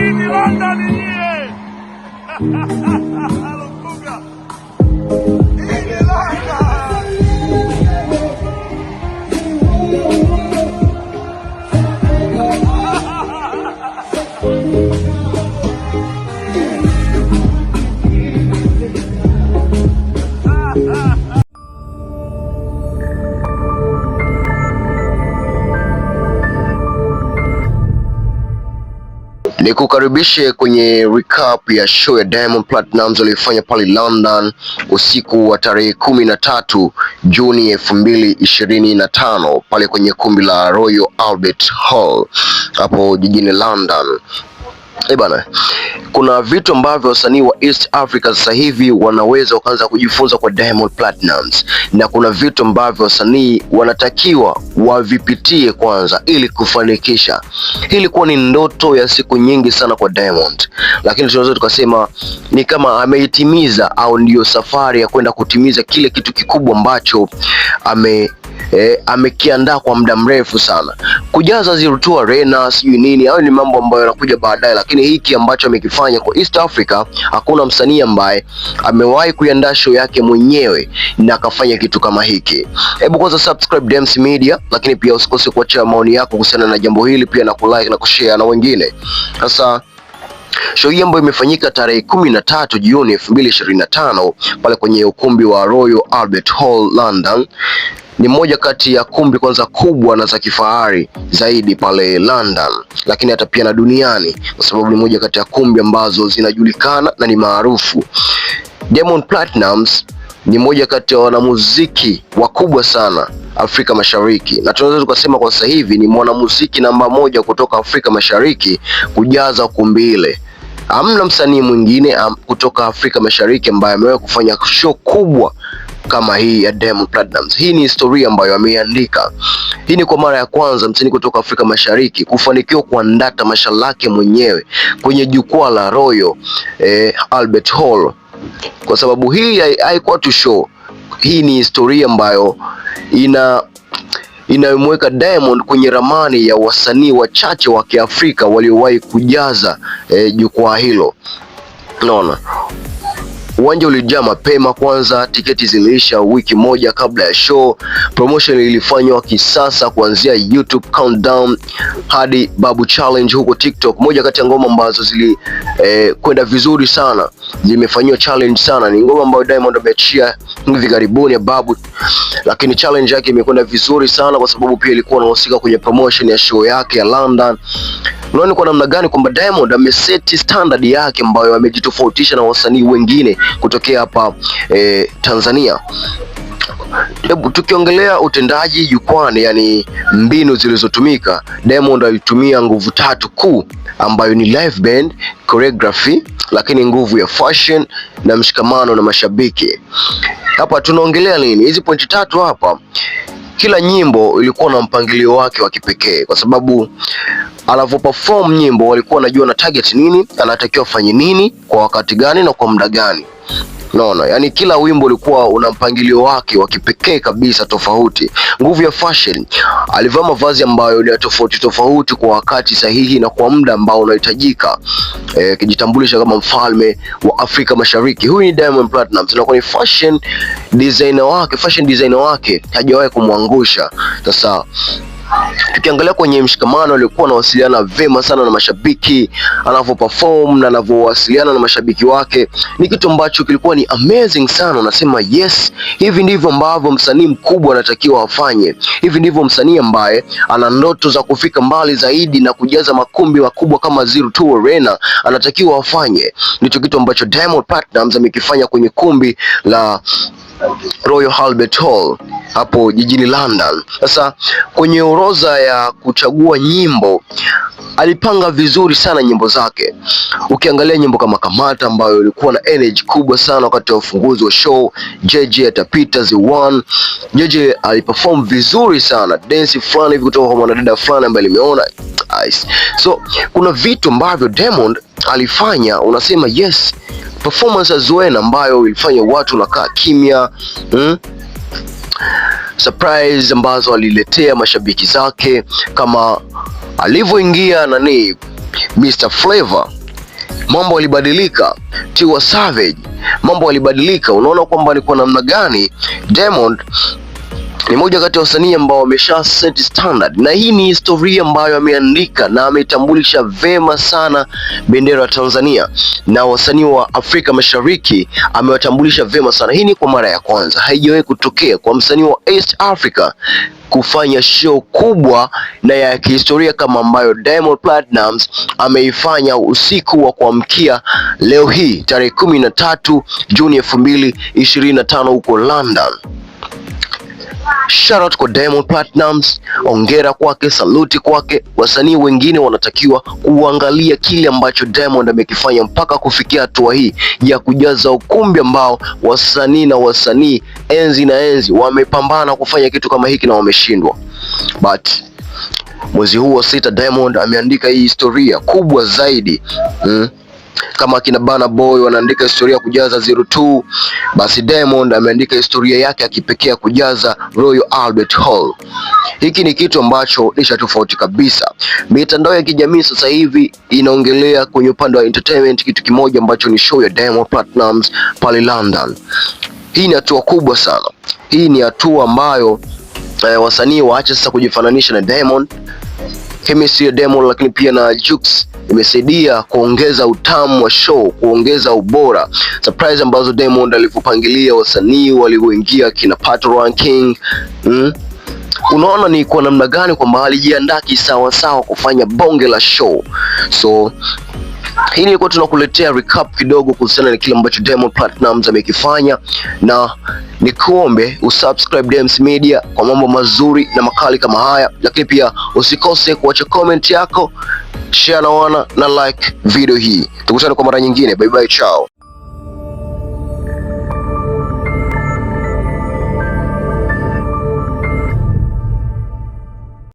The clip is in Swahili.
İyi Milan'dan iyi. Ni kukaribishe kwenye recap ya show ya Diamond Platnumz aliyoifanya pale London usiku wa tarehe kumi na tatu Juni elfu mbili ishirini na tano pale kwenye kumbi la Royal Albert Hall hapo jijini London. E bana, kuna vitu ambavyo wasanii wa East Africa sasa hivi wanaweza wakaanza kujifunza kwa Diamond Platnumz, na kuna vitu ambavyo wasanii wanatakiwa wavipitie kwanza ili kufanikisha. Hii ilikuwa ni ndoto ya siku nyingi sana kwa Diamond, lakini tunaweza tukasema ni kama ameitimiza au ndiyo safari ya kwenda kutimiza kile kitu kikubwa ambacho ame eh, amekiandaa kwa muda mrefu sana kujaza zirutua arena sijui nini. Hayo ni mambo ambayo yanakuja baadaye, lakini hiki ambacho amekifanya kwa East Africa, hakuna msanii ambaye amewahi kuiandaa show yake mwenyewe na akafanya kitu kama hiki. Hebu kwanza subscribe Dems Media, lakini pia usikose kuacha maoni yako kuhusiana na jambo hili, pia na kulike na kushare na wengine. Sasa Show hii ambayo imefanyika tarehe kumi na tatu Juni elfu mbili ishirini na tano pale kwenye ukumbi wa Royal Albert Hall London ni moja kati ya kumbi kwanza kubwa na za kifahari zaidi pale London, lakini hata pia na duniani, kwa sababu ni moja kati ya kumbi ambazo zinajulikana na ni maarufu. Diamond Platnumz ni moja kati ya wanamuziki wakubwa sana Afrika Mashariki na tunaweza tukasema kwa sasa hivi ni mwanamuziki namba moja kutoka Afrika Mashariki kujaza kumbi ile. Hamna msanii mwingine am, kutoka Afrika Mashariki ambaye amewahi kufanya show kubwa kama hii ya Diamond Platnumz. Hii ni historia ambayo ameandika Hii ni kwa mara ya kwanza msanii kutoka Afrika Mashariki kufanikiwa kuandaa tamasha lake mwenyewe kwenye jukwaa la Royal eh, Albert Hall, kwa sababu hii haikuwa tu show. Hii ni historia ambayo ina inayomweka Diamond kwenye ramani ya wasanii wachache wa Kiafrika waliowahi kujaza eh, jukwaa hilo. Unaona? Uwanja ulijaa mapema kwanza, tiketi ziliisha wiki moja kabla ya show. Promotion ilifanywa kisasa, kuanzia YouTube countdown hadi Babu challenge huko TikTok. Moja kati ya ngoma ambazo zilikwenda eh, vizuri sana, zimefanywa challenge sana, ni ngoma ambayo Diamond ameachia hivi karibuni ya Babu, lakini challenge yake imekwenda vizuri sana, kwa sababu pia ilikuwa inahusika kwenye promotion ya show yake ya London unaona kwa namna gani kwamba Diamond ameseti standard yake ambayo amejitofautisha na wasanii wengine kutokea hapa e, Tanzania. Hebu tukiongelea utendaji jukwani, yani mbinu zilizotumika, Diamond alitumia nguvu tatu kuu ambayo ni live band, choreography, lakini nguvu ya fashion na mshikamano na mashabiki. Hapa tunaongelea nini? Hizi pointi tatu hapa kila nyimbo ilikuwa na mpangilio wake wa kipekee, kwa sababu anavyoperform nyimbo walikuwa wanajua na target nini, anatakiwa afanye nini, kwa wakati gani na kwa muda gani. Unaona, yani kila wimbo ulikuwa una mpangilio wake wa kipekee kabisa tofauti. Nguvu ya fashion, alivaa mavazi ambayo ni tofauti tofauti kwa wakati sahihi na kwa muda ambao unahitajika, akijitambulisha e, kama mfalme wa Afrika Mashariki. Huyu ni Diamond Platnumz na ni fashion designer wake, fashion designer wake hajawahi kumwangusha sasa Tukiangalia kwenye mshikamano, alikuwa anawasiliana vema sana na mashabiki, perform na anavyowasiliana na mashabiki wake ni kitu ambacho kilikuwa ni amazing sana. Unasema yes, hivi ndivyo ambavyo msanii mkubwa anatakiwa afanye. Hivi ndivyo msanii ambaye ana ndoto za kufika mbali zaidi na kujaza makumbi makubwa kama Zero Two Arena anatakiwa afanye. Ndicho kitu ambacho Diamond Platnumz amekifanya kwenye kumbi la Royal Albert Hall hapo jijini London. Sasa kwenye orodha ya kuchagua nyimbo alipanga vizuri sana nyimbo zake. Ukiangalia nyimbo kama Kamata ambayo ilikuwa na energy kubwa sana wakati wa ufunguzi wa show, JJ atapita the one. JJ aliperform vizuri sana, dance fulani hivi kutoka kwa mwanadada fulani ambaye limeona so kuna vitu ambavyo Diamond alifanya unasema yes, performance ya Zuena ambayo ilifanya watu nakaa kimya hmm? Surprise ambazo aliletea mashabiki zake kama alivyoingia nani Mr Flavor, mambo alibadilika. Tiwa Savage, mambo alibadilika. Unaona kwamba ni kwa namna gani Diamond ni moja kati ya wasanii ambao wamesha set standard, na hii ni historia ambayo ameandika na ametambulisha vema sana bendera ya Tanzania na wasanii wa Afrika Mashariki, amewatambulisha vema sana. Hii ni kwa mara ya kwanza, haijawahi kutokea kwa msanii wa East Africa kufanya show kubwa na ya kihistoria kama ambayo Diamond Platnumz ameifanya usiku wa kuamkia leo hii tarehe kumi na tatu Juni elfu mbili ishirini na tano huko London. Shout out kwa Diamond Platnumz, ongera kwake, saluti kwake. Wasanii wengine wanatakiwa kuangalia kile ambacho Diamond amekifanya mpaka kufikia hatua hii ya kujaza ukumbi ambao wasanii na wasanii enzi na enzi wamepambana kufanya kitu kama hiki na wameshindwa. But mwezi huu wa sita Diamond ameandika hii historia kubwa zaidi mm kama kina Bana Boy wanaandika historia ya kujaza zero basi Diamond ameandika historia yake ya kipekee kujaza Royal Albert Hall. Hiki ni kitu ambacho ni cha tofauti kabisa. Mitandao ya kijamii sasa hivi inaongelea kwenye upande wa entertainment kitu kimoja ambacho ni show ya Diamond Platnumz pale London. Hii ni hatua kubwa sana. Hii ni hatua ambayo eh, wasanii waache sasa kujifananisha na Diamond, chemistry ya Diamond, lakini pia na Jukes imesaidia kuongeza utamu wa show, kuongeza ubora. Surprise ambazo Diamond alivyopangilia wasanii walioingia kina Pato Ranking mm? Unaona ni kwa namna gani kwamba alijiandaa kisawasawa kufanya bonge la show so hii kwa tunakuletea recap kidogo kuhusiana na kile ambacho Diamond Platnumz amekifanya, na nikuombe usubscribe Dems Media kwa mambo mazuri na makali kama haya, lakini pia usikose kuacha comment yako, share na wana na like video hii. Tukutane kwa mara nyingine, bye bye, chao.